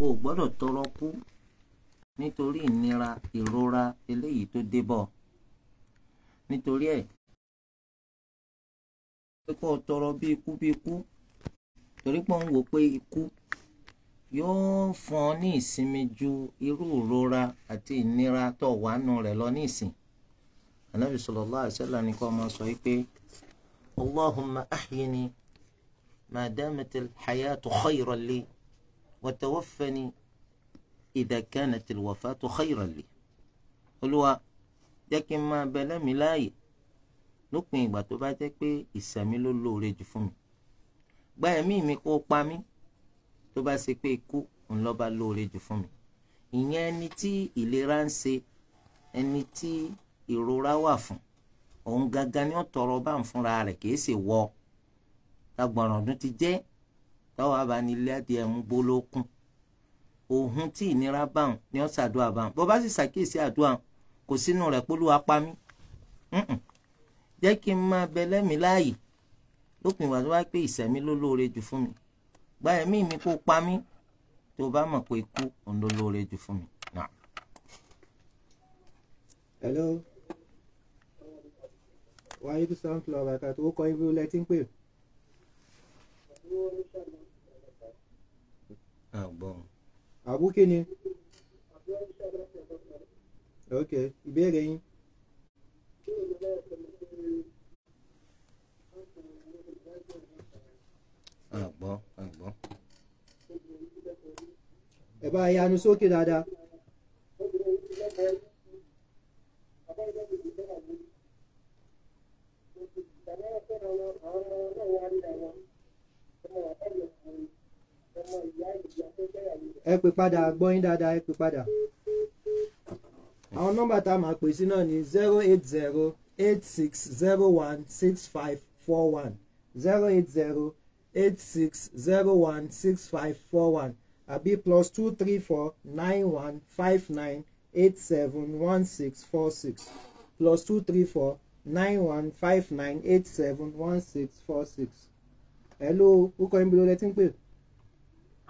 o ò gbọ́dọ̀ tọrọ kú nítorí ìnira ìrora eléyìí tó débọ̀ nítorí ẹ̀ pé kó o tọrọ bí ikú bí ikú torí pé òun wò pé ikú yóò fún ọ ní ìsinmi ju irú ìrora àti ìnira tó wà nù rẹ̀ lọ ní ìsìn anabi sallallahu alaihi wasallam ni kó máa sọ yìí pé allahumma ahyini ma hayatu khayran li watawaffani idha kanat alwafatu khayran li olúwa jẹ́ kí n máa bẹ lẹ́mìí láàyè lópin ìgbà tó bá jẹ́ pé ìsẹ̀mí ló lóore jù fún mi gba ẹ̀mí mi kó pa mí tó bá ṣe pé ikú ń lọ bá lóore jù fún mi ìyẹn ẹni tí ìlera ń ṣe ẹni tí ìrora wà fún òun gangan ni ó tọrọ bá ń fúnra rẹ̀ kì í ṣe wọ lágbọ̀ràn ọdún ti jẹ́ táwọn abanilé adìẹ ń bó lókun òhun tí ìnira bá hàn ni ó ṣàdúrà bá hàn bó bá sì ṣàkíyèsí àdúrà hàn kò sínú rẹ̀ pólúwa pa mí jẹ́ kí n máa bẹ lẹ́mìí láàyè lópin ìwà tó bá pé ìṣẹ̀mí ló lóore jù fún mi gba ẹ̀mí mi kó pa mí tó bá mọ̀ pé ikú òun ló lóore jù fún mi. hello wàá yí tó sound flower àkàtúwò kọ́ ibi ó lẹ́tí ń pè àgbọ̀n. Ah, àbúkí ni ok ìbéèrè yín. àgbọ̀n ah, àgbọ̀n. Ah, ẹ bá yanu sókè dáadáa. Thank you ẹ pè padà gbọ́ yín dáadáa ẹ pè padà àwọn nọ́mbà tá a máa pè sí náà ni zero eight zero eight six zero one six five four one zero eight zero eight six zero one six five four one àbí plus two three four nine one five nine eight seven one six four six plus two three four nine one five nine eight seven one six four six. hello ó kọ́ yín ń pè.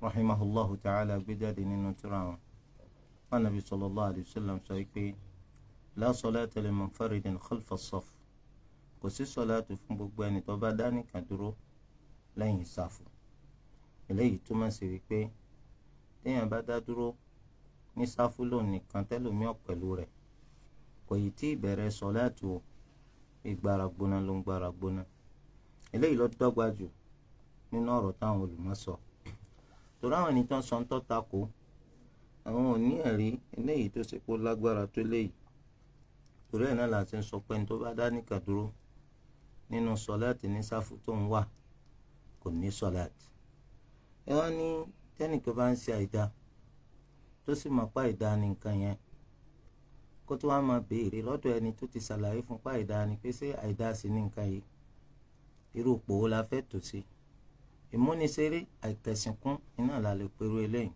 rahimahullahu ta'ala gbé jáde nínú tírà wọn wọn nàbí sallallahu alayhi wa sallam sọ pé la salata li munfaridin khalfa as-saff kò sí sọláàtù fún gbogbo ẹni tó bá dá nìkan dúró lẹ́yìn ìsáfù eléyìí túmọ̀ sí wípé téèyàn bá dá dúró ní sáfù lòun nìkan tẹ́lòmíọ̀ pẹ̀lú rẹ̀ kò yìí tí ìbẹ̀rẹ̀ sọláàtù o ìgbára gbóná ló ń gbára gbóná eléyìí ló dọ́gba jù nínú ọ̀rọ̀ táwọn olùmọ̀ sọ torí àwọn ẹni tán sọ ń tọ́ tako àwọn ò ní ẹ̀rí eléyìí tó ṣe pé ó lágbára tó léyìí torí ẹ̀ náà là ti ń sọ pé ẹni tó bá dá níkà dúró nínú sọláàtì ní sáfù tó ń wà kò ní sọláàtì ẹ wá ní tẹ́nìkan bá ń ṣe àìda tó sì mọ̀ pa àìda ní nǹkan yẹn kó tó wá máa béèrè lọ́dọ̀ ẹni tó ti ṣàlàyé fún pa àìda ni pé ṣé àìda sí ní nǹkan yìí irú òpó wo la fẹ́ tò sí i ìmúniṣeré àìtẹ̀sìnkún iná la lè pẹ̀rú eléyìí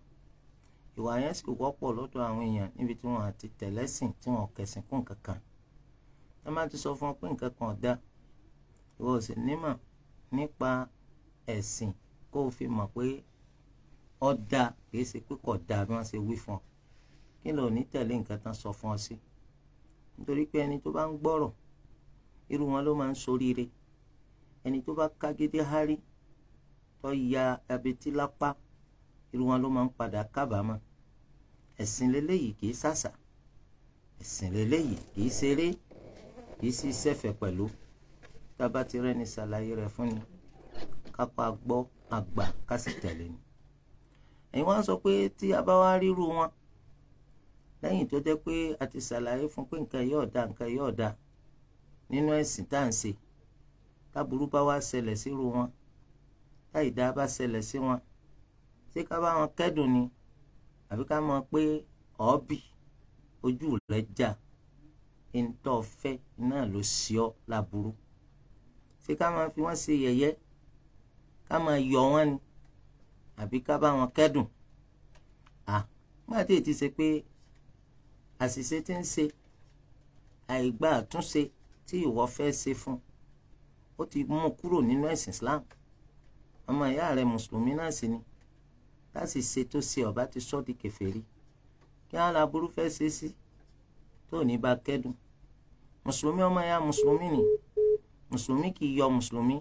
ìwà yẹn sì wọ́pọ̀ lọ́dọ̀ àwọn èèyàn níbi tí wọ́n àti tẹ̀lẹ́sìn tí wọ́n kẹ̀sìnkún kankan ẹ má ti sọ fún ọ pé nǹkan kan dá ìwọ ò sì nímọ̀ nípa ẹ̀sìn kó o fi mọ̀ pé ọ dá kìí ṣe pé kò dá bí wọ́n ṣe wí fún ọ kí ló ní tẹ̀lé nǹkan tán sọ fún ọ sí nítorí pé ẹni tó bá ń gbọ́rọ̀ irú wọn ló máa ń soríire ẹni tó bá kágídé hárí tó ya abetí lápá irú wọn ló máa ń padà kábàámọ̀ ẹ̀sìn lélẹ́yìí kì í sàṣà ẹ̀sìn lélẹ́yìí kì í ṣeré kì í sì ṣẹ̀fẹ̀ pẹ̀lú tá ti rẹ́ni ṣàlàyé rẹ̀ fún ni kápá gbọ́ àgbà ká sì tẹ̀lé ni ẹ̀yin wá sọ pé tí a bá wá ríru wọn lẹ́yìn tó jẹ́ pé a ti ṣàlàyé fún pé nǹkan yóò da nǹkan yóò da nínú ẹ̀sìn tá à ń ṣe táburú bá wá ṣẹlẹ̀ sírú wọn táìdá bá ṣẹlẹ̀ sí wọn ṣé ká bá wọn kẹ́dùn ni àbí ká mọ̀ pé ọ̀ọ́bì ojú rẹ̀ já ntọ́ fẹ́ náà ló sí ọ láburú ṣé ká máa fi wọ́n ṣe yẹ̀yẹ́ ká máa yọ wọ́n ni àbí ká bá wọn kẹ́dùn à nígbà tí èyí ṣe pé àṣìṣe tí ń ṣe àìgbà àtúnṣe tí ìwọ fẹ́ ṣe fún ó ti mú kúrò nínú ẹ̀sìn Islam ọmọ ìyá rẹ mùsùlùmí náà sì ni láti ṣe tó ṣe ọba ti sọ di kèfèrí kí á la burú fẹ́ ṣe sí tó ní bá kẹ́dùn mùsùlùmí ọmọ ìyá mùsùlùmí ni mùsùlùmí kì í yọ mùsùlùmí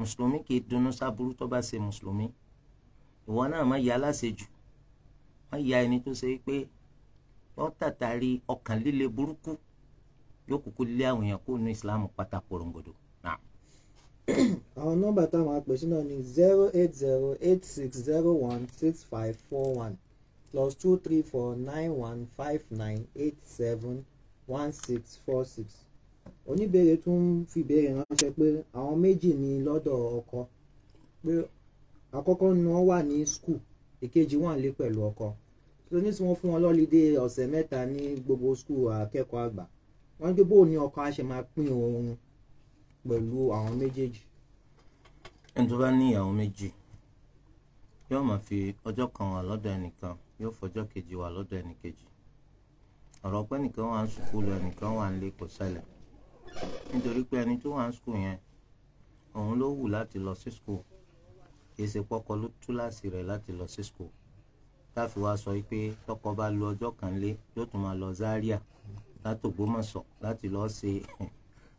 mùsùlùmí kì í dunnú sábúrú tó bá ṣe mùsùlùmí ìwọ náà má ya aláṣejù má ya ẹni tó ṣe pé yọ tàtàrí ọkàn líle burúkú yóò kúkú lé àwọn èèyàn kó nu ìsìláàmù pátá korongodo àwọn nọ́mbà táwọn apè sí náà ni zero eight zero eight six zero one six five four one plus two three four nine one five nine eight seven one six four six oníbèrè tún fi béèrè ránṣẹ́ pé àwọn méjì ní lọ́dọ̀ ọkọ pé àkọ́kọ́ ni wọ́n wà ní skul èkejì wà nílé pẹ̀lú ọkọ tó ní tí wọ́n fún wọn lọ́lídé ọ̀sẹ̀ mẹ́ta ní gbogbo skul akẹ́kọ̀ọ́ àgbà wọ́n gbé bóun ní ọkọ a ṣe máa pín oorun pẹ̀lú àwọn méjèèjì. ẹni tó bá ní ìyàwó méjì yóò máa fi ọjọ́ kan wà lọ́dọ̀ ẹnìkan yóò fọjọ́ kejì wà lọ́dọ̀ ẹnìkejì ọ̀rọ̀ pé ẹnìkan wà ń sùkúlù ẹnìkan wà ń lé kò ṣẹlẹ̀ nítorí pé ẹni tó wà ń sùkúlù yẹn òun ló wù láti lọ sí sùkúlù kì í ló tú láti rẹ̀ láti lọ sí sùkúlù káfí wa sọ pé tọkọ bá lu ọjọ́ kan lé yóò tún máa lọ Zaria látògbómọ̀ṣọ́ láti lọ́ọ́ ṣe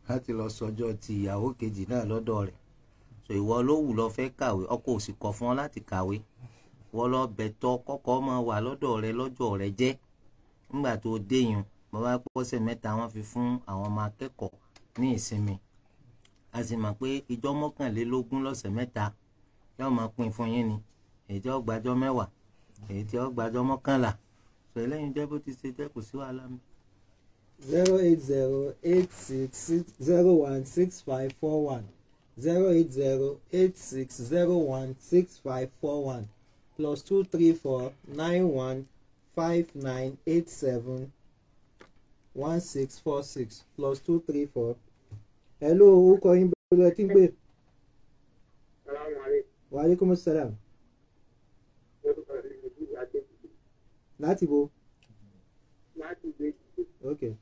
láti lọ sọjọ́ ti ìyàwó kejì náà lọ́dọ̀ rẹ̀ so ìwọ ló wù lọ fẹ́ kàwé ọkọ ò sì kọ̀ fún ọ láti kàwé wọ́n lọ bẹ̀tọ́ kọ́kọ́ máa wà lọ́dọ̀ rẹ̀ lọ́jọ́ rẹ̀ jẹ́ nígbà tó déyìn bàbá pọ́sẹ̀ mẹ́ta wọ́n fi fún àwọn ọmọ akẹ́kọ̀ọ́ ní ìsinmi a sì mọ̀ pé ìjọ mọ́kànlélógún lọ́sẹ̀ mẹ́ta yóò máa pín fún yín ni èyí tí ó gbàjọ́ mẹ́wàá èyí tí ó gbàjọ́ mọ́kànlá sọ eléyìí jẹ́ bó ti ṣe jẹ́ kò sí wàhálà mi zero eight zero eight six zero one six five four one zero eight zero eight six zero one six five four one plus two three four nine one five nine eight seven one six four six plus two three four. hello orúkọ yín bẹ́ẹ̀ lọ tí ń pè. wa aleykum salaam. láti bo. láti ìgbèjì. okay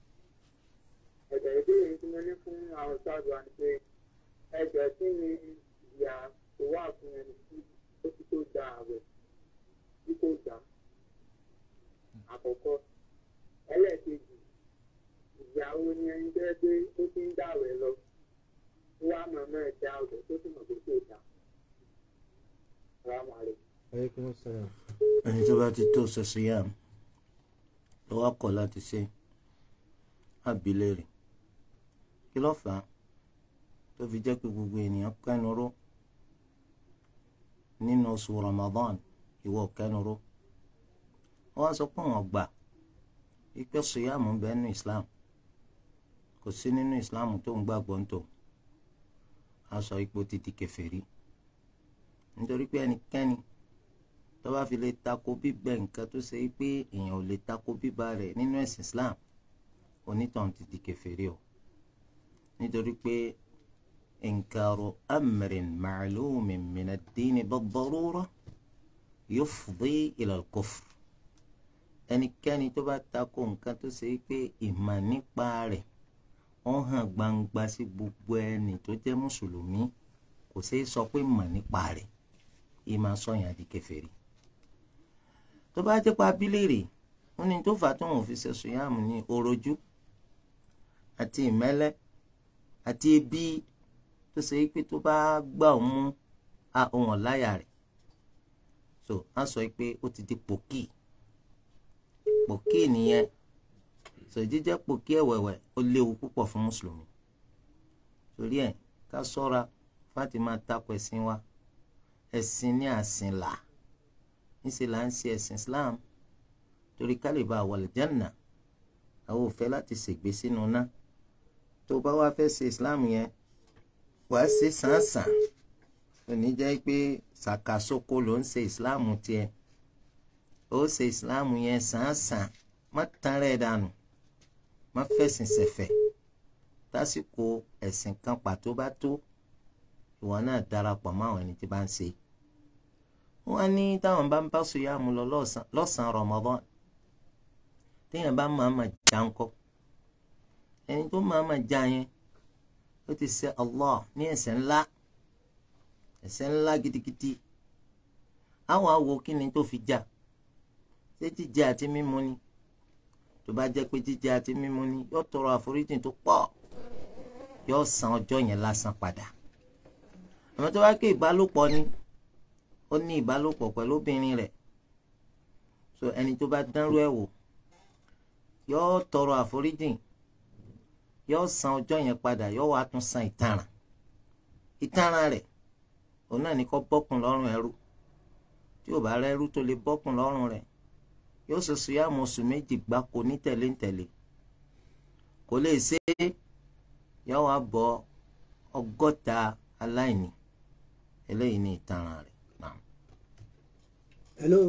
ẹ̀jẹ̀ ìbéèrè tí mo ní fún àwọn ṣáàbù àti ẹni tó bá ti tó sọ sí yàm lọ́wọ́ kọ̀ láti ṣe àbílẹ̀ rẹ̀ kí ló fà á tó fi jẹ́ pé gbogbo ènìyàn kẹnuró nínú oṣù Ramadan ìwọ kẹnuró wọ́n wá sọ pé wọ́n gbà ipe ṣìyàmù ń nínú Islam kò sí nínú Islam tó ń gbàgbọ́ ń tò á sọ ipò títí kèfèrí nítorí pé ẹnikẹ́ni tó bá fi lè tako bíbẹ nǹkan tó ṣe pé èèyàn ò lè tako bíbá rẹ̀ nínú ẹ̀sìn Islam onítàn títí kèfèrí o nítorí pé inkaru amrin ma'lumin min ad-dini bid-darura yufdi ila al-kufr ẹnikẹ́ni tó bá tako nǹkan tó ṣe pé ìmọ̀ nípa rẹ̀ ó hàn gbangba sí gbogbo ẹni tó jẹ́ mùsùlùmí kò ṣeé sọ pé mọ̀ nípa rẹ̀ ìmọ̀ sọ̀yàn di kèfèrí tó bá jẹ́ pa bílèrè ó ní tó fà tó wọn fi ṣe sùyàmù ní orojú àti ìmẹ́lẹ́ àti ebi tó ṣe pé tó bá gbà ọ́ mú ohun ọ̀láyà rẹ̀ so á sọ pé ó ti di pòkì pòkì nìyẹn so jíjẹ́ pòkì ẹ̀wẹ̀wẹ̀ ó léwu púpọ̀ fún mùsùlùmí torí ẹ̀ ká sọ́ra fáti máa takò ẹ̀sìn wa ẹ̀sìn ní àsìn là níṣẹ́ là ń ṣe ẹ̀sìn Islam torí ká lè bá wọ àlùjánnà àwọn ò láti ṣègbè sínú náà tó bá wá fẹ́ ṣe islam yẹn wàá ṣe sàǹsàn òní jẹ́ pé ṣàkàṣoko ló ń ṣe islam tiẹ̀ ó ṣe islam yẹn sàǹsàn má tán rẹ̀ dànù má fẹ̀sìn ṣẹ̀fẹ̀ tásìkò ẹ̀sìn kan pàtó bá tó ìwọ náà darapọ̀ mọ́ àwọn ẹni tí bá ń ṣe wọ́n ní táwọn bá ń bá sùn yá mu lọ lọ́sàn-án Ramadan téèyàn bá máa ma jà ń kọ́ ẹni tó máa ma já yẹn ó ti ṣẹ̀ Allah ní ẹ̀ṣẹ̀ ńlá ẹ̀ṣẹ̀ ńlá gidigidi àwọn awo kí ni tó fi jà ṣé jíjẹ àti mímu ni tó bá jẹ́ pé jíjẹ àti mímu ni yóò tọrọ àforíjì tó pọ̀ yóò san ọjọ́ yẹn lásán padà àmọ́ tó bá ké ìbálòpọ̀ ni ó ní ìbálòpọ̀ pẹ̀lú obìnrin rẹ̀ so ẹni tó bá dánrú ẹ̀ wò yóò tọrọ àforíjì yóò san ọjọ́ yẹn padà yóò wá tún san ìtanràn ìtanràn rẹ̀ òun náà ní kó bọ́kùn lọ́rùn ẹrú tí ò bá rẹ́rú tó lè bọ́kùn lọ́rùn rẹ̀ yóò ṣe sùyàmù oṣù méjì gbáko ní tẹ̀léǹtẹ̀lé kò lè ṣe é yóò wá bọ́ ọgọ́ta aláìní eléyìí ní ìtanràn rẹ̀. hello.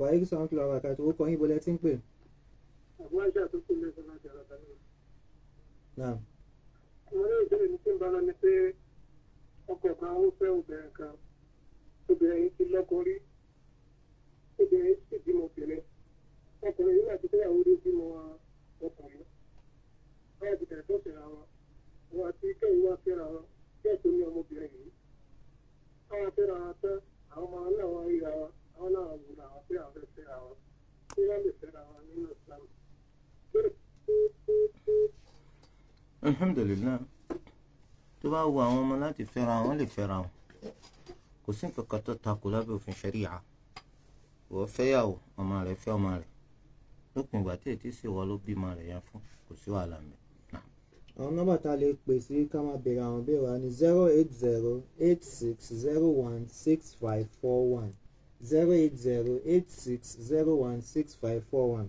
wàhálà sọ̀rọ̀ kí lọ́wọ́ àkàtúwò kọ́ yín bọ́lẹ́ tí ń pè àbúrò àṣà tó kù lẹ́sẹ̀ náà ti rọ̀tà nínú. àwọn ilé ìbéèrè mi ti ń bá lọ ni pé ọkọ̀ kan ó fẹ́ obìnrin kan obìnrin yìí ti lọ́kọ rí obìnrin sì bímọ obìnrin ọkùnrin yìí láti fẹ́yàwó rí bímọ ọkùnrin báyà ti tẹ̀ tó fẹ́ra wọn wọn àti kẹ́yìn wá fẹ́ra wọn alhamdulilayi tó bá wo àwọn ọmọ láti fẹ́ra wọn lè fẹ́ra wọn kò sí nǹkan kan tó takò lábẹ́ òfin ṣẹ́ríà wọ́n fẹ́yàwó ọmọ rẹ̀ fẹ́ ọmọ rẹ̀ lópin ìgbà tí ètí sì wọ́n ló bímọ rẹ̀ yẹn fún kò sí wàhálà mi. àwọn nọ́mbà tá a lè pè sí ká máa bèèrè àwọn ìbéèrè wa ni zero eight zero eight six zero one six five four one zero eight zero eight six zero one six five four one.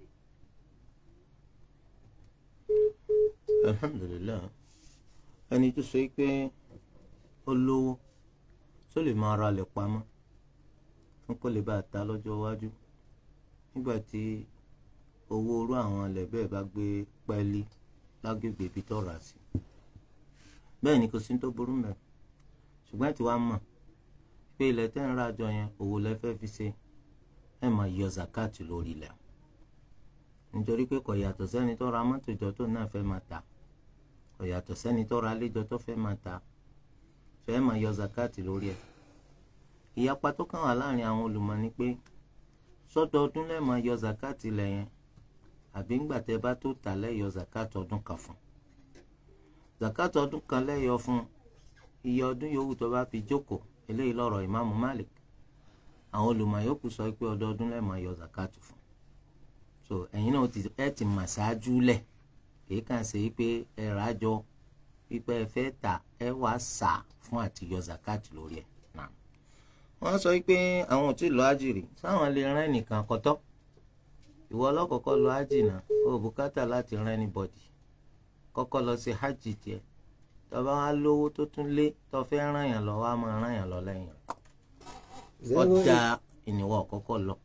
alhamdulilayi ẹni tó sọ pé ó lówó tó lè máa ra lẹ̀ pamọ́ fún kó lè bá a ta lọ́jọ́ iwájú nígbà tí owó orú àwọn ilẹ̀ bẹ́ẹ̀ bá gbé pẹ́ẹ́lí lágbègbè ibi tó rà sí bẹ́ẹ̀ ni kò sí tó burú mẹ́ ṣùgbọ́n ẹ̀ tí wàá mọ̀ pé ilẹ̀ tẹ́ ń rà jọ yẹn òwò lẹ́fẹ́ fi ṣe ẹ̀ máa yọ zakati lórí ilẹ̀ nítorí pé kò yàtọ̀ sẹ́ni tó ra mọ́tò jọ tó náà fẹ́ máa ta kò yàtọ̀ sẹ́ni tó ra léjọ tó fẹ́ máa ta fẹ́ máa yọ zakati lórí ẹ̀ ìyapa tó kàn wá láàrin àwọn olùmọ̀ ni pé sọ́dọọdún lẹ́ẹ̀ máa yọ zakati lẹ́yìn àbí ńgbà tẹ́ bá tó tà lẹ́yọ zakati ọdún kan fún zakati ọdún kan lẹ́yọ fún iye ọdún yòówù tó bá fi jókòó eléyìí lọ́rọ̀ ìmáàmù Malik àwọn olùmọ̀ yòókù sọ pé ọdọọdún lẹ́ẹ̀ máa yọ zakati fún so ẹ̀yin náà ẹ ti mà ṣáájú lẹ kìí kàn ṣe pé ẹ ràjọ pípẹ́ ẹ fẹ́ tà ẹ wàá sà fún àtijọ́ zakat lórí ẹ̀ náà. wọ́n sọ pé àwọn ò tí ì lọ àjìrì sáwọn lè rán ẹnìkan kọ́tọ́ ìwọ ọlọ́kọ̀ọ́kọ́ lọ àjìnà o bùkátà láti rán ẹni bọ̀dì kọ́kọ́ lọ sí hajj tiẹ̀ tọba wa lówó tó tún lé tó fẹ́ ràn yàn lọ wá máa ràn yàn lọ lẹ́yìn ọ̀dà ìníwọ̀ kọ́kọ́ lọ.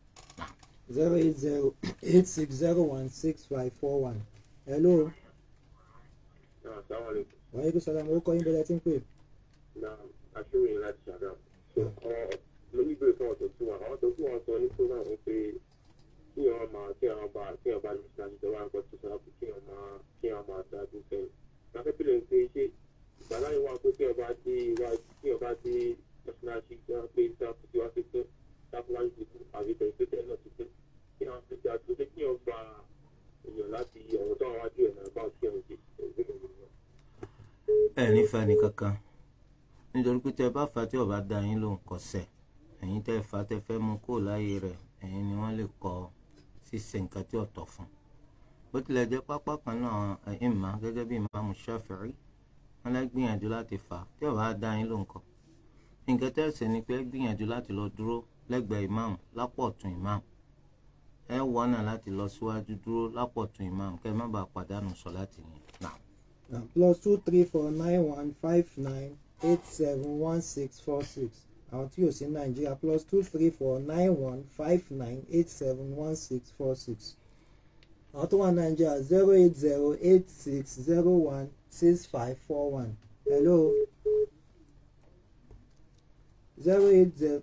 08086016541. hello. wàá yẹ kí sọlá mo kọ́ yín bẹ́ẹ̀ tí ń pè. na aṣọ́wé yẹn láti ṣàdá mo ní ìbéèrè fún ọ̀tọ̀ tí wọn àwọn tó kí wọn sọ ní program wọn pé kí wọn máa kí wọn bá kí wọn bá lè ṣe àṣìṣe wọn àgbà tó sọ̀rọ̀ kí wọn máa kí wọn máa dá tó sẹ́yìn. láti pèlè ń pé ṣé ìgbàláyé wà pé kí wọn bá dé iwájú kí wọn bá dé ẹ̀sìn àṣìṣe wọn pé sáà kò sí wá sí tó tábúwájú ti kú àbí pẹ̀lú pé tẹ́lẹ̀ náà ti pé kí àwọn ti ti àdúgbò pé kí wọ́n gba èèyàn láti ọ̀rọ̀ tó àwọn wájú ẹ̀ náà bá kí ẹ̀ òjì ẹ ní fa ni kankan nítorí pé tẹ bá fa tí ọba da yín ló ń kọsẹ̀ ẹ̀yin tẹ fa tẹ fẹ́ mú kó láàyè rẹ̀ ẹ̀yin ni wọ́n lè kọ ṣíṣe nǹkan tí ọ̀tọ̀ fún bó tilẹ̀ jẹ́ pápá kan náà ìmọ̀ gẹ́gẹ́ bí ìmáàmù Ṣáfi'í wọn lè gbìyànjú láti fà tí ọba da yín ló kọ nǹkan tẹ́ ni pé gbìyànjú láti lọ dúró lẹ́gbẹ̀ẹ́ imam lápò ọ̀tún imam ẹ wọ ọ̀nà láti lọ síwájú dúró lápò ọ̀tún imam kẹ́ ẹ má bàa pàdánù sọ̀láàtì yín náà. plus two three four nine one five nine eight seven one six four six àwọn tí yóò sí nàìjíríà plus two three four nine one five nine eight seven one six four six àwọn tó wà nàìjíríà zero eight zero eight six zero one six five four one hello zero eight zero.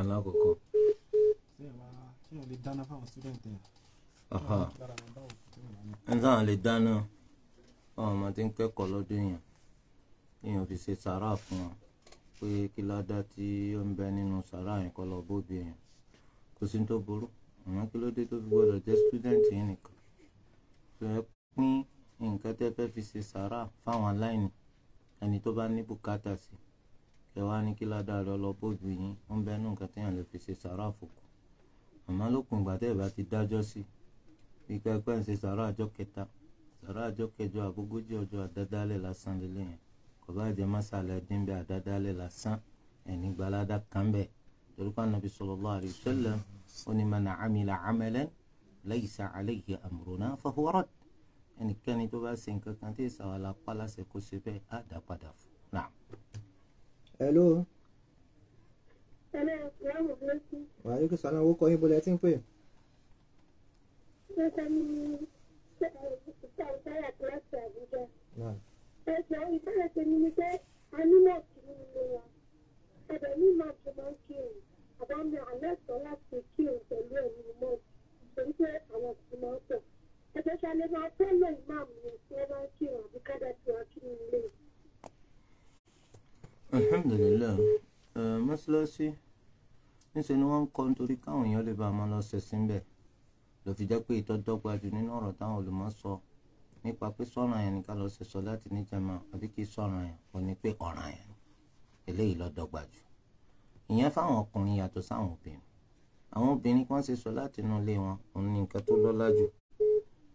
alákọ̀ọ́kọ́. ẹni táwọn lè dáná àwọn ọmọ tí ń kẹ́kọ̀ọ́ lọ́dún yẹn èèyàn fi ṣe sàrà fún wọn pé kí ládá tí ó ń bẹ nínú sàrà yẹn kọ́ lọ bóbi yẹn kò sí tó burú àmọ́ kí ló dé tó fi gbọ́dọ̀ jẹ́ student yìí nìkan fẹ́ pín nǹkan tẹ́ fẹ́ fi ṣe sàárà fáwọn aláìní ẹni tó bá ní bùkátà sí kẹwàá ní kí ládàá rẹ lọ bójú yín ó ń bẹ nù nǹkan téèyàn lè fi ṣe sàárà fòkù àmọ́ lókun ìgbà tẹ́ ẹ̀ bá ti dájọ́ sí wípé ẹgbẹ́ ń ṣe sàárà àjọ kẹta sàárà àjọ kẹjọ àgógójì ọjọ́ àdádálẹ̀ lásán lélẹ́yìn kò bá jẹ́ mọ́sálẹ̀ dínbẹ̀ àdádálẹ̀ lásán ẹni gbalada kan bẹ̀ torí pé Ànábì sallallahu alaihi ó ní man amila amalan ليس عليه أمرنا فهو رد يعني كان itu bahasa yang سوالا قلا pala sekusipe ada نعم ألو نعم، وعليكم السلام وكو نعم níṣẹ́ ni wọ́n ń kọ́ nítorí káwọn èèyàn lè bá a máa lọ ṣẹ̀sìn bẹ̀ ló fi jẹ́ pé ìtọ́dọ́gba jù nínú ọ̀rọ̀ táwọn olùmọ̀ sọ nípa pé sọ̀ràn yẹn ni ká lọ ṣe sọ láti níjàmá àbí kí sọ̀ràn yẹn ò ní pé ọ̀ràn yẹn eléyìí ló dọ́gba jù ìyẹn fáwọn ọkùnrin yàtọ̀ sáwọn obìnrin àwọn obìnrin kan ṣe sọ láti inú ilé wọn òun ní nǹkan tó lọ́lá jù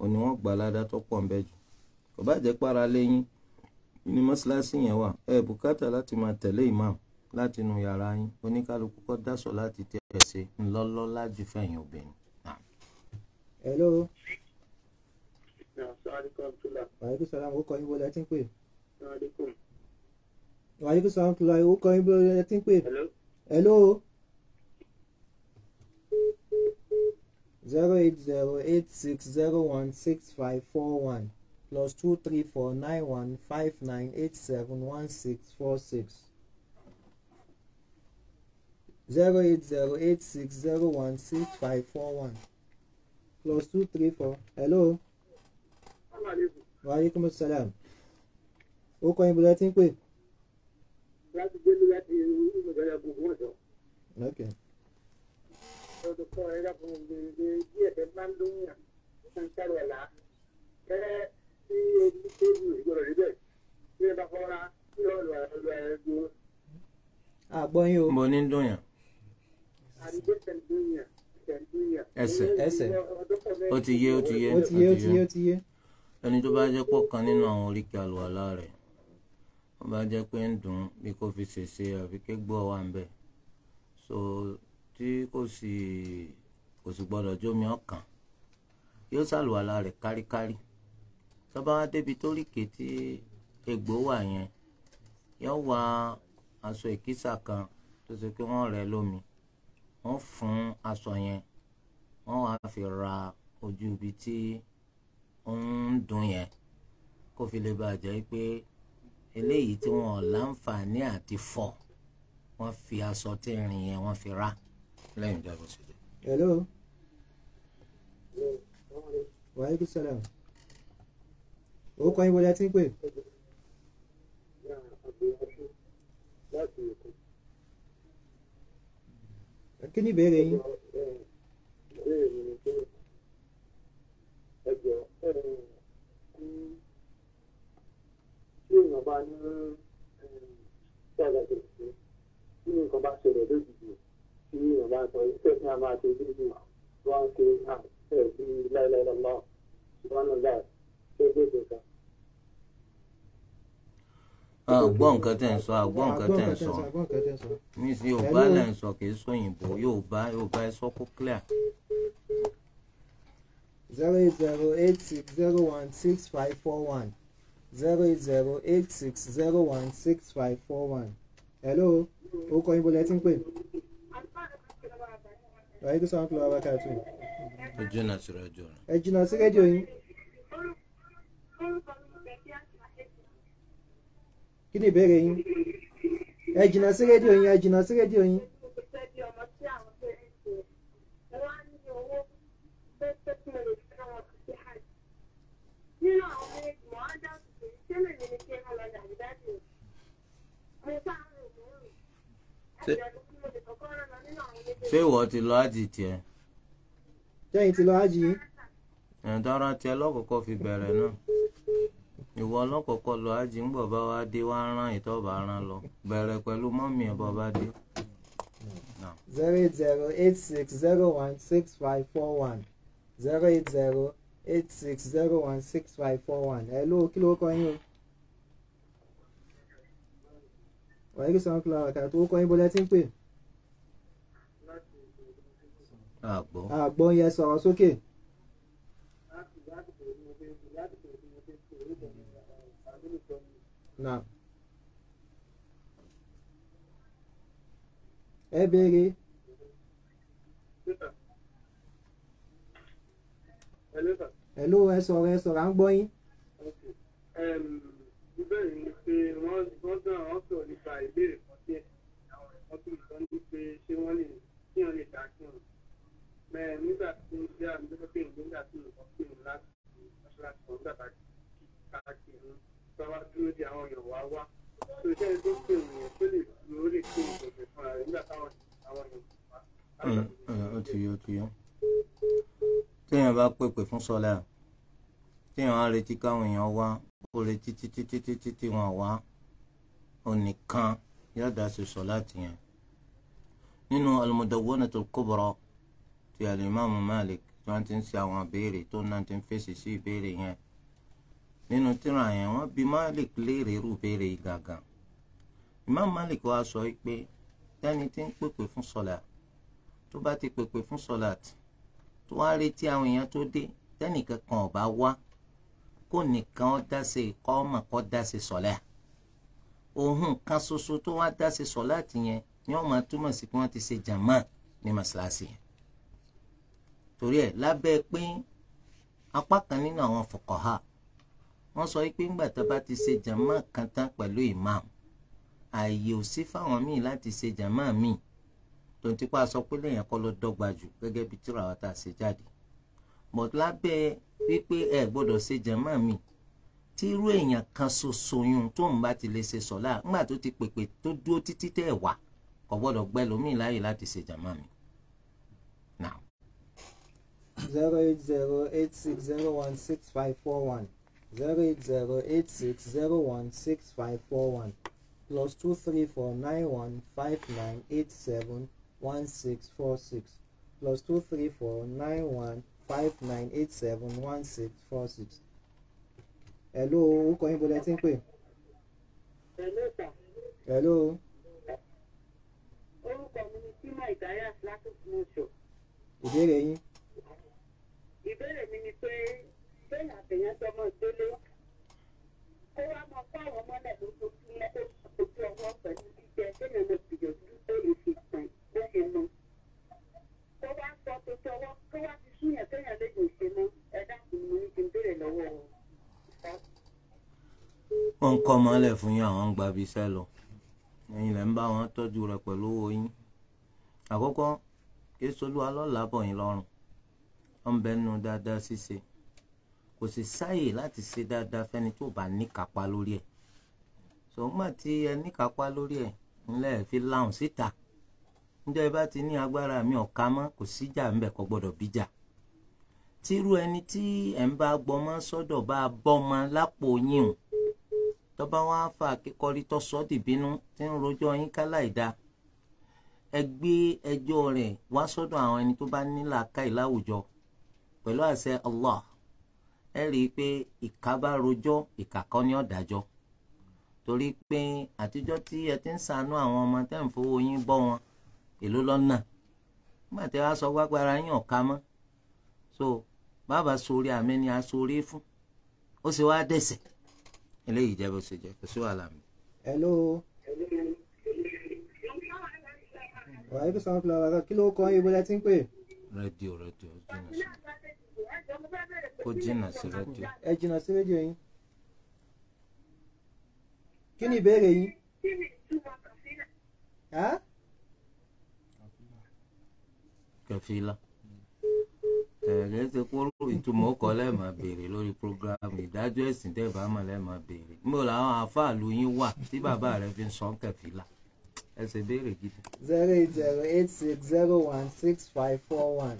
òun ni wọ́n gbà ládá tó pọ̀ ńbẹ́ jù kò bá jẹ́ para lẹ́yìn ní mọ́ṣáláṣí yẹn wà ẹ bùkátà láti máa tẹ̀lé ìmáàmù láti inú yàrá yín oníkálukú kọ́ dáṣọ láti tẹ ẹ̀ ṣe ńlọ́lọ́ lájú fẹ̀yìn obìnrin. hello. wàhálà sọlá mo kọ́ yín bó lẹ́tí ń pè. wàhálà sọlá mo kọ́ yín bó lẹ́tí ń pè. hello. zero eight zero eight six zero one six five four one plus two three four nine one five nine eight seven one six four six zero eight zero eight six zero one six five four one plus two three four hello. wa aleykum salaam. ó kọ́ ibùdó tí ń pè. láti gbé mi láti ìmọ̀jọ́lá gbogbo wọn ok. lọ́dọ̀ kọ́ ẹ dákun gbèrègbè díẹ̀ fẹ́ bá ń lóyún à ń sáré ẹ̀ là kẹ́rẹ́ tí ojú tébù ìgbọ̀rọ̀ níbẹ̀ tí ẹ bá fọ́ra tí ọ̀rọ̀ ẹ̀ lọ ẹ̀ o. mo ní dùn yàn ẹsẹ̀ ẹsẹ̀ ó ti yé ó ti yé ó ti yé ó ti yé ó ti yé. ẹni tó bá jẹ́ pọ̀ kan nínú àwọn oríkèé àlùwàlá rẹ̀ ó bá jẹ́ pé ń dùn bí kò fi ṣèṣe àfi ké gbọ́ wà ń bẹ̀ so tí kò sì kò sì gbọ́dọ̀ jómi ọ̀kan yóò ṣàlùwàlá rẹ̀ káríkárí tó bá wá débi tó ríkèé tí egbò wà yẹn yóò wá aṣọ ìkísà kan tó ṣe pé wọ́n rẹ̀ lómi wọ́n fún aṣọ yẹn wọ́n wá fi ra ojú ibi tí ó ń dùn yẹn kó fi lè bàjẹ́ pé eléyìí tí wọn ò láǹfààní àti fọ̀ wọ́n fi aṣọ tí ìrìn yẹn wọ́n fi ra lẹ́yìn ìjọba ìṣèlú. hello. wa alaikum salaam. orúkọ yín wọlé ẹtí ń pè kí ni ìbéèrè yín. ìbéèrè mi ni pé ẹ̀jọ̀ tí èèyàn bá ní ṣàlàyé sí tí nǹkan bá ṣẹlẹ̀ lójijì tí èèyàn bá sọ iṣẹ́ tí àgbọ̀ nǹkan tẹ̀ ń sọ àgbọ̀ nǹkan tẹ̀ ń sọ mí sí yorùbá lẹ̀ ń sọ kìí sọ òyìnbó yorùbá yorùbá ẹ sọ kó clear. zero eight zero eight six zero one six five four one zero eight zero eight six zero one six five four one hello ó kọ́ yín bó lẹ́ tí ń pè. wàá yí kí kúlọ̀ wá wákàtí. ẹ jìnnà sí rédíò yín. ẹ jìnnà sí rédíò yín ni ìbéèrè yín ẹ jìnnà sí rédíò yín ẹ jìnnà sí rédíò yín. ṣé ìwọ ti lọ ájì tiẹ̀. sẹ́yìn ti lọ ájì. ẹ̀ńtọ́rọ́ tiẹ̀ lọ́kọ̀ọ́kọ́ fi bẹ̀rẹ̀ náà ìwọ ọlọ́kọ̀ọ́kọ́ lọ ájì ń bọ̀ bá wá dé wá rán ìtọ́ba rán lọ bẹ̀rẹ̀ pẹ̀lú mọ́mì ẹ̀ bọ́ bá dé. zero eight zero eight six zero one six five four one zero eight zero eight six zero one six five four one hello kí ló kọ yín o wàhálì sọ̀rọ̀ kí ló kà tó kọ yín bó lẹ́tí ń pè. àgbọ̀ àgbọ̀ yẹn sọ̀rọ̀ sókè. Okay. Now, ẹ béèrè. hello ẹ sọ̀rọ̀ ẹ sọ̀rọ̀ à ń gbọ́ yín. ìbéèrè ni pé wọ́n wọ́n dán wọ́n sọ̀rọ̀ nípa ìbéèrè kan sí àwọn ẹ̀kọ́ tó lè sọ́ni pé ṣé wọ́n lè kí wọ́n lè dá kí wọ́n. bẹ́ẹ̀ nígbà tí ó jẹ́ táwa dúró di àwọn èèyàn wá wá tó iṣẹ́ tó pè wọ́n tó lè ló lè tó ìgbòho fúnra rẹ̀ nígbà táwọn àwọn èèyàn wá. Hmm, hmm, ó ti yọ ó ti yọ téèyàn bá pèpè fún sọlá téèyàn á retí káwọn èèyàn wá ó retí títí títí títí wọn wá onìkan yàda ṣe sọlá tìyẹn nínú al-Mudawwanatul Kubra ti al Malik tí wọn ti ń ṣe àwọn ìbéèrè tó náà ti ń fèsì sí ìbéèrè yẹn nínú tíra yẹn wọ́n bi Malik léèrè irú béèrè gàgàn Imam Malik wa sọ pé tẹ́ni tí ń pèpè fún sọ̀làt tó bá ti pèpè fún sọ̀làt tó wá retí àwọn èèyàn tó dé tẹ́nì kankan ọ̀bá wá kó nìkan dá ṣe kọ́ ọmọ kọ́ dá ṣe sọ̀lá kan ṣoṣo tó wá dá ṣe sọ̀làt ni wọ́n máa túmọ̀ sí pé wọ́n ti ṣe jàmá ní màsálásí torí ẹ̀ lábẹ́ pé apá kan nínú àwọn fuqaha wọ́n sọ pé ńgbà tó bá ti ṣe jàmá kan tán pẹ̀lú imam ààyè ò sí fáwọn míì láti ṣe jàmá míì tó ń tipa sọ pé lèèyàn kọ́ ló dọ́gba jù gẹ́gẹ́ bí tíra wa tá a ṣe jáde but lábẹ́ wípé ẹ gbọ́dọ̀ ṣe jàmá míì tí irú èèyàn kan ṣoṣo yun tó ń bá ti lè ṣe sọ̀lá ńgbà tó ti pèpè tó dúró títí tẹ́ ẹ̀ wá kò gbọ́dọ̀ gbẹ́ lómi láàyè láti ṣe jàmá míì. Now. zero eight zero eight six zero one six five four one zero eight zero eight six zero one six five four one plus two three four nine one five nine eight seven one six four six plus two three four nine one five nine eight seven one six four six. hello orúkọ yín bolẹ tí ń pè. hello sir. hello. orúkọ mi ni timo idayas látòkùnmọṣọ. ìbéèrè yín. ìbéèrè mi ni pé bẹ́ẹ̀ àtẹ̀yẹ́ tó mọ̀ délé kó wá mọ fáwọn ọmọlẹ̀ lójoojúmọ́ ó ojú ọwọ́ pẹ̀lú jíjẹ bẹ́ẹ̀ lọ gbìyànjú tó lè fi tàn bẹ́ẹ̀ lọ. kó wá sọ tuntun ọwọ́ kó wá ti súnyàn bẹ́ẹ̀ lè yìn ṣe mọ́ ẹ dákun mo ní kí n béèrè lọ́wọ́ ọ. wọ́n ń kọ́ ọmọlẹ̀ fún yín àwọn ń gbabi iṣẹ́ lọ ẹ̀yin lẹ́ ń bá wọn tọ́jú rẹ̀ pẹ̀lú owó yín àkọ́kọ́ kí solúwa lọ́ọ́ làbọ̀ yín lọ́rùn ọ̀nbẹ́nu dáadáa ṣíṣe kò sì sáyè láti ṣe dáadáa fẹ́ni tó bá níkapá lórí ẹ̀ sọgbà tí ẹ níkapá lórí ẹ̀ ńlẹ fi láhùn síta níjọ́ ẹ bá ti ní agbára mi ọ̀ka mọ́ kò síjà ńbẹ̀ kò gbọ́dọ̀ bíjà tírú ẹni tí ẹ̀ ń bá gbọmọ sọ́dọ̀ bá bọ́mọ lápò yín o tó bá fa akíkọrí tó sọ dìbínú tí ń rojọ́ yín ká ẹ gbé ẹjọ́ rẹ̀ wá sọ́dọ̀ àwọn ẹni tó bá nílà káì láwùjọ pẹ̀lú àṣẹ Allah ẹ rí i pé ìka bá rojọ́ ìka kọ́ ni ọ̀dájọ́ torí pé àtijọ́ tí ẹ ti ń ṣàánú àwọn ọmọ tẹ́ ń fowó yín bọ́ wọn èló lọ́nà nígbà tí wàá sọ gbàgbára yín ọ̀ka mọ́ so bàbá sórí àmì ni a sórí fún ó sì wáá dẹ̀sẹ̀ eléyìí jẹ́ bó ṣe jẹ́ kò sí wàhálà mi. hello. wàá ibi sàn fúnra wa kí ló kọ́ ibo lẹ ń pè. rédíò rédíò jìnnà sí i kó jìnnà sí rédíò. ẹ jìnnà sí rédíò yín kí ni ìbéèrè yín. kẹfìlà ẹ̀rẹ́ ṣe kúrò ìtumọ̀ kọ́ lẹ́ẹ̀ma béèrè lórí program ìdájọ́ ẹ̀sìn tẹ́ẹ̀bá mọ̀ lẹ́ẹ̀ma béèrè níbo làwọn àfáàlú yín wà tí bàbá rẹ fi ń sọ kẹfìlà ẹ ṣe béèrè gidi. zero eight zero eight six zero one six five four one.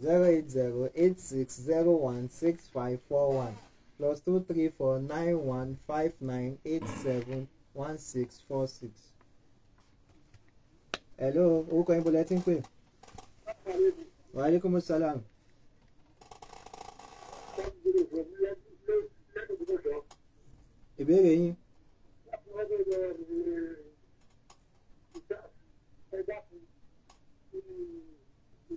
Zero zero zero eight eight six six one five four one plus two three four nine one 2349159871646. hello orúkọ yín bọ́lá ẹ ti ń pè. wa alaikum salam. ìbéèrè yín. Thank you.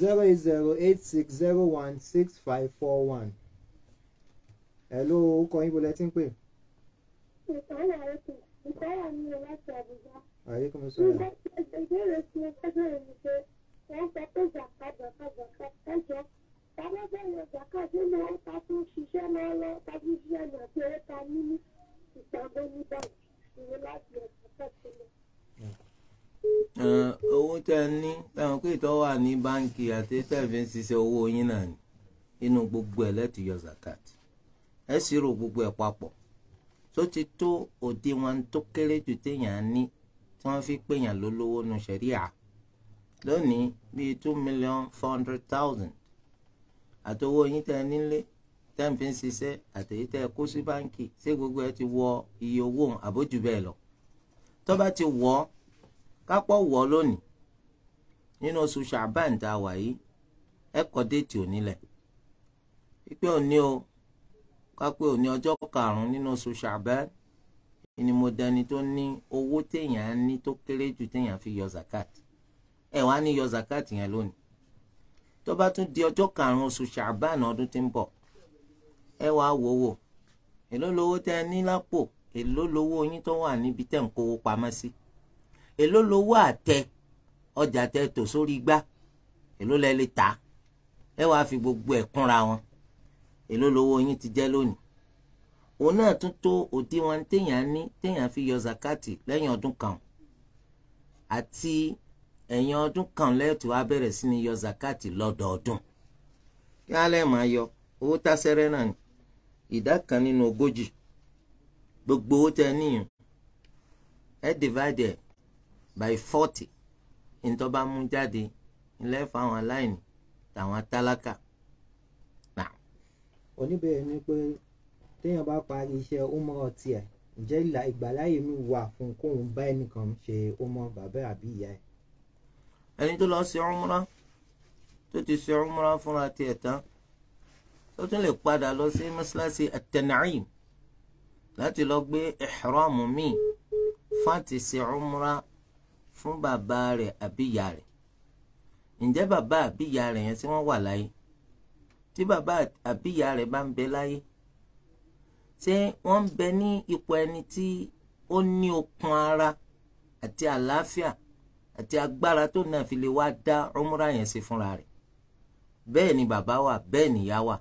zero eight zero eight six zero one six five four one. Hello, orúkọ yín bolẹ̀ tí ń pè. Are you coming sọ̀rọ̀. báǹkì àti tẹ̀fí ń ṣiṣẹ́ owó yín náà ni inú gbogbo ẹ̀ lẹ́tì yọ zakat ẹ sì rò gbogbo ẹ̀ papọ̀ tó ti tó òdiwọ̀n tó kéré jù téèyàn ní tí wọ́n fi péyàn lólówó nu ṣẹ̀ríà lónìí bíi two million four hundred thousand àtowó yín tẹ nílé tẹ́ǹ fi ń ṣiṣẹ́ àtẹ̀yí tẹ́ kó sí báǹkì ṣé gbogbo ẹ ti wọ iye owó àbójú bẹ́ẹ̀ lọ tó bá ti wọ̀ kápọ̀ wọ̀ lónìí nínú oṣù ṣàbán tá a wà yìí ẹ kọ déètì òní lẹ̀ pípé òní o kápé òní ọjọ́ karùn-ún nínú oṣù ṣàbán ni mo dẹni tó ní owó téèyàn ní tó kéré jù téèyàn fi yọ zakat ẹ wàá ní yọ zakat yẹn lónìí tó bá tún di ọjọ́ karùn-ún oṣù ṣàbán ọdún tí ń bọ̀ ẹ wàá wò wò èló lowó tẹ ní lápò èló lowó yín tó wà níbi tẹ̀ ń kówó pamọ́ sí èló lowó àtẹ ọjà tẹ tò sórí igbá èló lẹ lè tà ẹ wàá fi gbogbo ẹ̀ kúnra wọn èló lówó yín ti jẹ́ lónìí òun náà tún tó òdiwọ̀n téèyàn ní téèyàn fi yọ zakati lẹ́yìn ọdún kan àti ẹ̀yìn ọdún kan lẹ́ẹ̀tì wá bẹ̀rẹ̀ sí ni yọ zakati lọ́dọọdún kí alẹ́ máa yọ owó tásẹ́rẹ́ náà ni ìdá kan nínú ogójì gbogbo owó tẹ níyàn ẹ divide by forty ntọ́ bá mú jáde ńlẹ́ fáwọn aláìní tàwọn tálákà. oníbẹ̀rẹ̀ ni pé téèyàn bá parí iṣẹ́ ọmọ tiẹ̀ ǹjẹ́ ìgbàláyè mi wà fún kóun bá ẹnìkan ṣe ọmọ bàbá àbí ìyá ẹ̀. ẹni tó lọ sí ọmúra tó ti ṣe ọmúra fúnra tiẹ̀ tán tó tún lè padà lọ sí mọ́ṣáláṣí at láti lọ gbé ihram mi fún àti ṣe fún bàbá rẹ̀ àbí ìyá rẹ̀ ǹjẹ́ bàbá àbí ìyá rẹ̀ yẹn tí wọ́n wà láyé tí bàbá àbí ìyá rẹ̀ bá ń bẹ láyé ṣé wọ́n ń bẹ ní ipò ẹni tí ó ní okun ara àti àlàáfíà àti agbára tó náà fi lè wá dá ọmúra yẹn sí fúnra rẹ̀ bẹ́ẹ̀ ni bàbá wà bẹ́ẹ̀ nìyá wà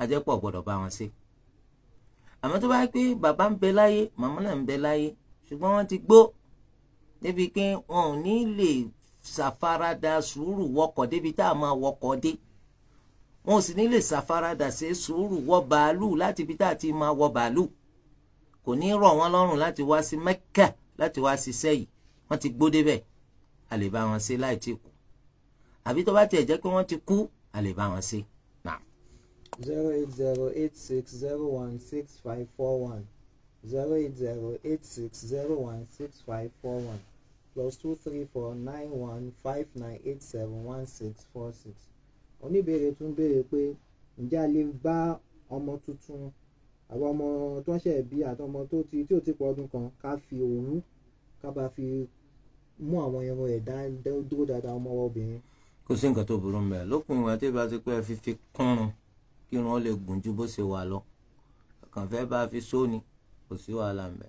ajẹ́pọ̀ gbọ́dọ̀ bá wọn ṣe àmọ́ tó bá yẹ pé bàbá ń bẹ láyé màmá náà ń bẹ láyé ṣùgbọ́n wọ́n ti gbó débi pé wọn ò ní lè ṣàfaradà sùúrù wọkọ̀ débi tá a máa wọkọ̀ dé wọn ò sì ní lè ṣàfaradà ṣe sùúrù wọ bàálù láti ibi tá a ti máa wọ bàálù kò ní rọ̀ wọ́n lọ́rùn láti wá sí Mẹ́kà láti wá ṣiṣẹ́ yìí wọ́n ti gbó débẹ̀ a lè bá wọn ṣe láì tí kú àbí tó bá tiẹ̀ jẹ́ pé wọ́n ti kú a lè bá wọn ṣe zero eight zero eight six zero one six five four one zero eight zero eight six zero one six five four one plus two three four nine one five nine eight seven one six four six. oníbèrè tún béèrè pé ǹjẹ́ a lè bá ọmọ tuntun àwọn ọmọ tó ń ṣẹ̀ bí àtọmọ tó ti tí ò ti pọ̀ ọdún kan ká fi òórùn ká bá fi mú àwọn irun ẹ̀ dúró dáadáa ọmọ obìnrin. kò sí nǹkan tó burú mẹ́ lókun ìwà tí bá ti pẹ́ fífi kúnrun kí irun ó lè gùn ju bó ṣe wà lọ kàn fẹ́ bá fi sóni kò sí wàhálà mẹ́.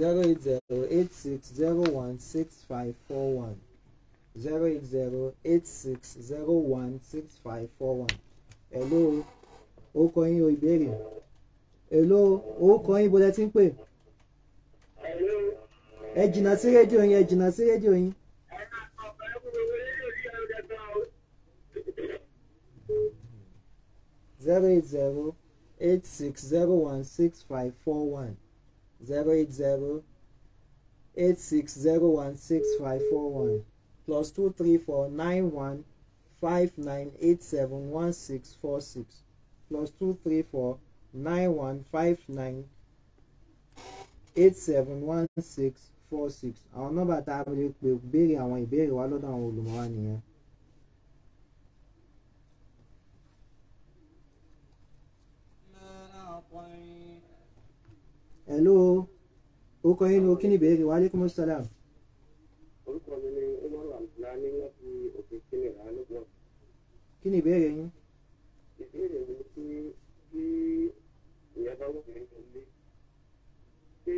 zero eight zero eight six zero one six five four one zero eight zero eight six zero one six five four one hello o kọ yín o ìbéèrè hello o kọ yín bọ́lá tí ń pè ẹ jìnnà sí rédíò yín ẹ jìnnà sí rédíò yín. zero eight zero eight six zero one six five four one eight six one five four 8601651 plus two three four nine nine one five eight seven 23491 six plus 2349159871646 àwọn nọ́mbà tá a lè pè béèrè àwọn ìbéèrè wa lọ́dọ̀ àwọn olùmọ̀ wa nìyẹn. hello orúkọ yín ni o kí ni ìbéèrè wa aleykum salam. orúkọ mi ni umaru abdullahi ní láti òkè kíni rà lóògùn. kí ni ìbéèrè yín. ìbéèrè mi ni pé bí ìyá bá wọ̀ ní ilé ṣé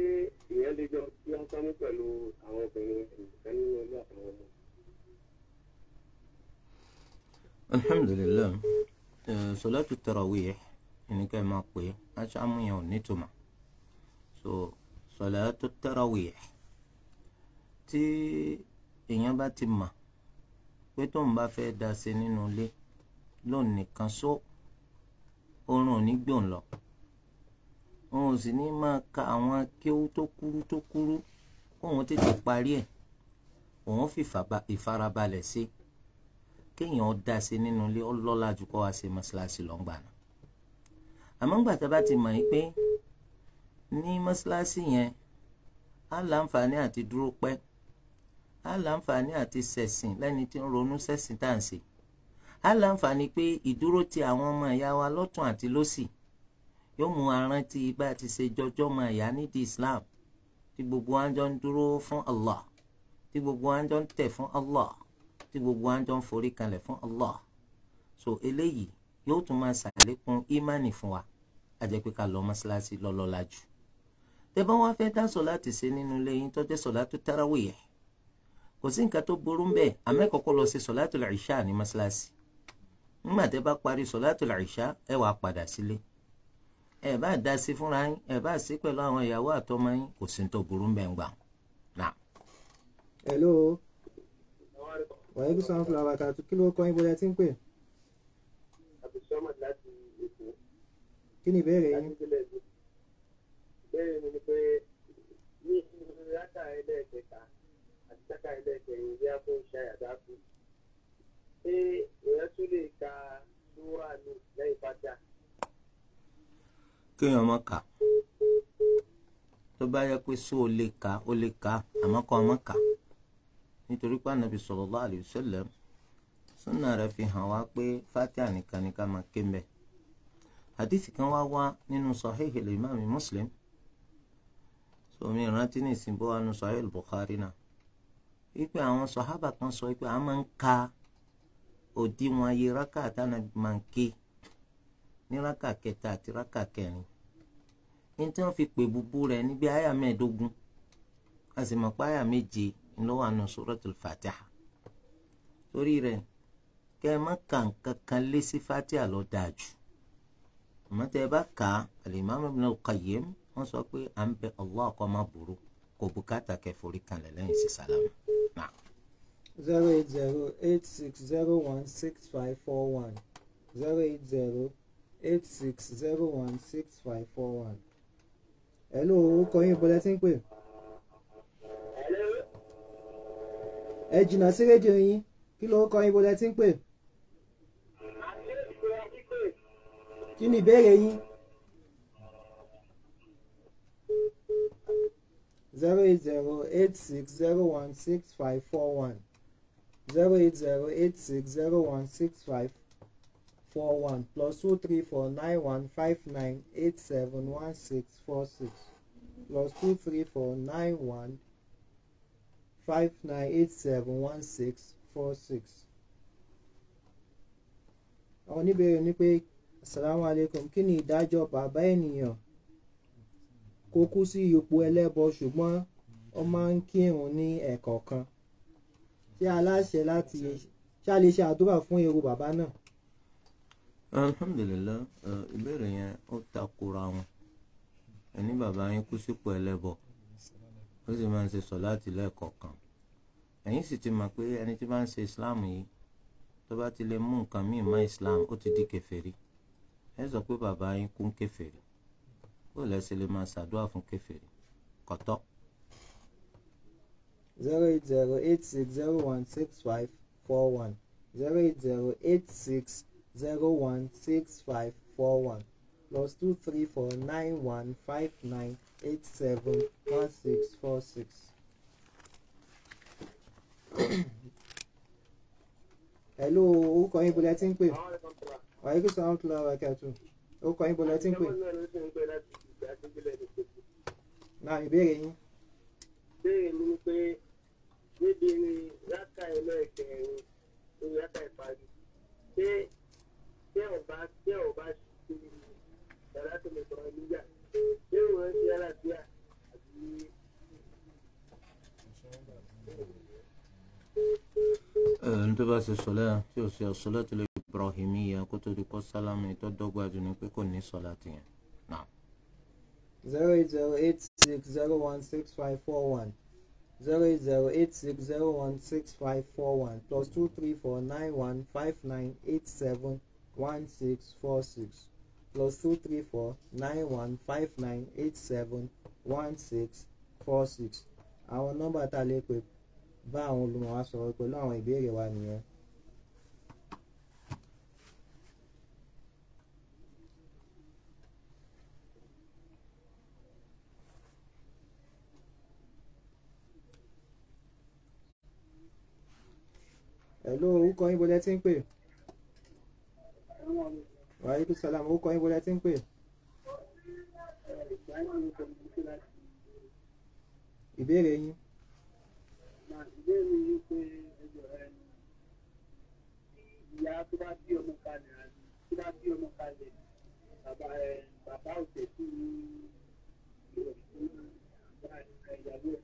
ìyẹn lè jọ kí wọ́n sánú pẹ̀lú àwọn obìnrin ìfẹ́ nínú ilé àtàwọn ọmọ. alhamdulilayi eh, salatu tarawih ẹnikẹ́ máa pè é aṣáájú yẹn ò ní tòmá so sọ̀látù tarawih tí èèyàn bá ti mà pé tóun bá fẹ́ da ṣe nínú ilé lóun nìkan só oorun ò ní gbòòn lọ òun ò sì ní máa ka àwọn akéwú tó kúrú tó kúrú òun tètè parí ẹ̀ òun fi ìfarabalẹ̀ sí kéèyàn dá ṣe nínú ilé ọlọ́lá jù kọ́ wa ṣe mọ́ṣáláṣí lọ́ngbà náà àmọ́ ńgbà tá a bá ti mọ̀ yí pé ní mọ́ṣáláṣí yẹn á láǹfààní àti dúró pẹ́ á láǹfààní àti ṣẹ̀sìn lẹ́ni tí ń ronú ṣẹ̀sìn tá à ń ṣe á láǹfààní pé ìdúró ti àwọn ọmọ ìyá wa lọ́tún àti lọ́sì yóò mú arántí bá a ti ṣe jọjọ́ ọmọ ìyá nídìí Islam tí gbogbo wa jọ ń dúró fún Allah tí gbogbo wa jọ ń tẹ̀ fún Allah tí gbogbo wa jọ ń forí kanlẹ̀ fún Allah so eléyìí yóò tún máa ṣàlékún ìmánì fún wa a jẹ́ pé mọ́ṣáláṣí lọ́lọ́lá jù tẹ́ bá wọn fẹ́ dá sọ̀láàtì ṣe nínú ilé yín tó jẹ́ sọ̀láàtù tarawih kò sí nǹkan tó burú mbẹ̀ àmẹ́kọ̀ọ́kọ́ lọ ṣe sọ̀láàtù ìṣá ní mọ́ṣáláṣí nígbà tẹ́ bá parí sọ̀láàtù ìṣá ẹ wàá padà sílé ẹ bá dá sí fúnra yín ẹ bá sí pẹ̀lú àwọn ìyàwó àtọmọ yín kò sí tó burú mbẹ̀ ń gbà. hello wàhálà bí sọ́n fúlàwà kàtó kí ló kọ́ ibo la ti ń pè. àbùsọ́mọ̀ láti èkó. kí ni ìbéèrè yín ìbéèrè mi ni pé ní ìlúrátà ẹlẹ́ẹ̀kẹta àti sáká ẹlẹ́ẹ̀kẹrin bí a kò ṣe àyàdáàbò ṣé èèyàn tún lè ka lóra ní lẹ́yìn fájà. kéèyàn má kà tó bá yẹ pé sóò lè ka ó lè ka àmọ́ kọ́ ọ má kà nítorí pé ànábì sallallahu alaihi wasallam súnà rẹ̀ fi hàn wá pé fátíà nìkan ni ká máa ké mbẹ̀. hadith kan wá wá nínú sahih al-imam muslim omi ìrántí ní ìsìnbó wanu sahih Bukhari náà wípé àwọn sọ̀hábà kan sọ wípé a máa ń ka òdiwọ̀n ayé rákà àtànà máa ń ké ní rákà kẹta àti rákà kẹrin ní tí wọ́n fi pè bubu rẹ̀ níbi àyà mẹ́ẹ̀ẹ́dógún a sì mọ̀ pé àyà méje ló wà nù Fatiha torí rẹ̀ kẹ́ ẹ má ka nǹkan kan lé sí Fatiha ló dáa jù àmọ́ tẹ́ ẹ bá kà á Al-Imam Ibn Al-Qayyim wọ́n sọ pé à ń bẹ Allah ọkọ má burú kò bùkátà kẹ́ forí kanlẹ̀ lẹ́yìn sí sálámù. zero eight zero eight six zero one six five four one zero eight zero eight six zero one six five four one. orúkọ yín bọ́lá tí ń pè. ẹ jìnnà sí zero eight zero eight six zero one six five four one zero eight zero eight six zero one six five four one plus two three four nine one five nine eight seven one six four six plus two three four nine one five nine eight seven one six four six. àwọn oníbèrè ní pé asalaamualeykum kí ni ìdájọ́ bàbá ènìyàn kó kú sí ipò ẹlẹ́bọ ṣùgbọ́n ó máa ń kírun ní ẹ̀kọ̀ọ̀kan ṣé aláṣẹ láti ṣé a lè ṣe àdúrà fún irú bàbá náà. alhamdulillah ìbéèrè yẹn ó takora wọn ẹni bàbá yín kú sípò ẹlẹ́bọ ó sì máa ń ṣe sọ̀láàtì lẹ́ẹ̀kọ̀ọ̀kan ẹ̀yin sì ti mọ̀ pé ẹni tí bá ń ṣe islam yìí tó bá ti lè mú nǹkan míì mọ́ islam ó ti di kèfèrí ẹ sọ pé bàbá yín kú ń kèfèrí bó lẹ ṣe lè máa ṣàdúrà fún kèfèrí kọtọ. zero eight zero eight six zero one six five four one zero eight zero eight six zero one six five four one plus two three four nine one five nine eight seven one six four six. hello orúkọ yín bọ́lá tí ń pè wàhálà ìkùsọ̀ àwọn tó lọ́wọ́ akẹ́tù orúkọ yín bọ́lá tí ń pè na ìbéèrè yín. ìbéèrè mi ni pé níbi rákà iná ìkẹrin lórí rákà ìparí ṣé ṣé ọba ṣé ọba ṣe yàrá tó lè sọ̀rọ̀ nígbà ṣé òun ṣe yàrá sí à àbí. ẹni tó bá ṣe sọlá tí o ṣe ọsọlá tó lè Ibrahimiyya kó di kọ sálámù ìtọ́dọ́gba jù ní pé kò ní sọlá tìyẹn eight six one one, five four four 08086016541 plus two three four nine nine one one five eight seven six plus six àwọn nọ́mbà tá a lè pè bá àwọn olùmọ̀ wa sọ̀rọ̀ pẹ̀lú àwọn ìbéèrè wa nìyẹn. hello who can bolẹ́ tí ń pè. wàhálà sàlám orúkọ yín bolẹ́ tí ń pè. ìbéèrè yín. ìbéèrè yín pé ẹjọ́ ẹ ìyá tó bá bí ọmọ kalẹ̀ àti tó bá bí ọmọ kalẹ̀ bàbá ẹ bàbá òtẹ̀ sí ìrọ̀lẹ́ ìyàwó ẹ̀.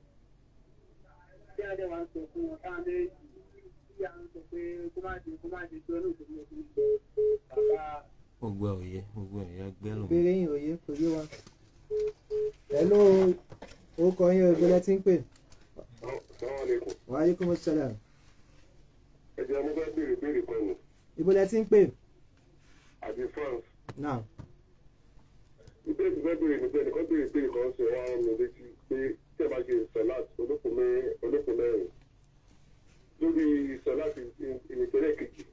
bí adé wa ń sọ fún wọn pé kó má ṣe kó má ṣe tó lóògùn ní ọdún ìgbẹ́ bàbá. gbogbo òye gbogbo òye gbẹrun. ìbéèrè yìí òye kò yé wa. hello orúkọ yín o gbẹlẹ ń pè. wa alaikum salaam. ẹ jẹ́ mo fẹ́ béèrè béèrè kan nù. ibo lẹ ń pè. àbí france. náà. ìbéèrè tí fẹ́ béèrè nígbẹ́ nìkan béèrè béèrè kan ṣe wá ọmọ létí pé tí ẹ bá ṣe sọ láti olókùn mẹ́rin lórí sọláàtì ìrètẹ́lẹ̀ kejì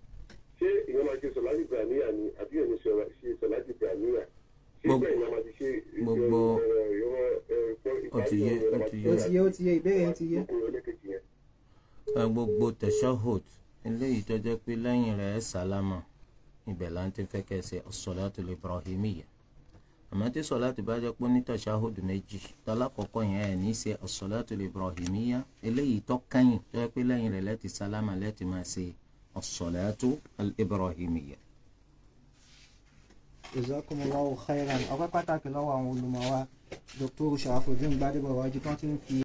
ṣé ìyẹn máa ṣe sọláàtì ìbàníyà ni àbí ìyẹn ní ṣe sọláàtì ìbàníyà ṣé bẹ́ẹ̀ ìyẹn máa ti ṣe gbogbo ọtìyẹ ọtìyẹ ọtìyẹ ìbéèrè ti yẹ. gbogbo tashahhud eléyìí tó jẹ́ pé lẹ́yìn rẹ̀ sálámà ibẹ̀ là ń tẹ́ fẹ́ kẹ́ ṣe as-salatu al-ibrahimiyya àmọ́ tí sọ̀láàtì bá jẹ́ pé onítàṣáhùdù méjì tálákọ̀ọ́kọ́ yẹn ẹ̀ ní í ṣe ọ̀sọ̀láàtì ibrahimiya eléyìí tó kẹ́yìn tó yẹ pé lẹ́yìn rẹ̀ lẹ́tì sálámà lẹ́tì máa ṣe ọ̀sọ̀láàtì ibrahimiya. jazakumullahu khairan ọpẹ́ pàtàkì lọ́wọ́ àwọn olùmọ̀ wa Dr.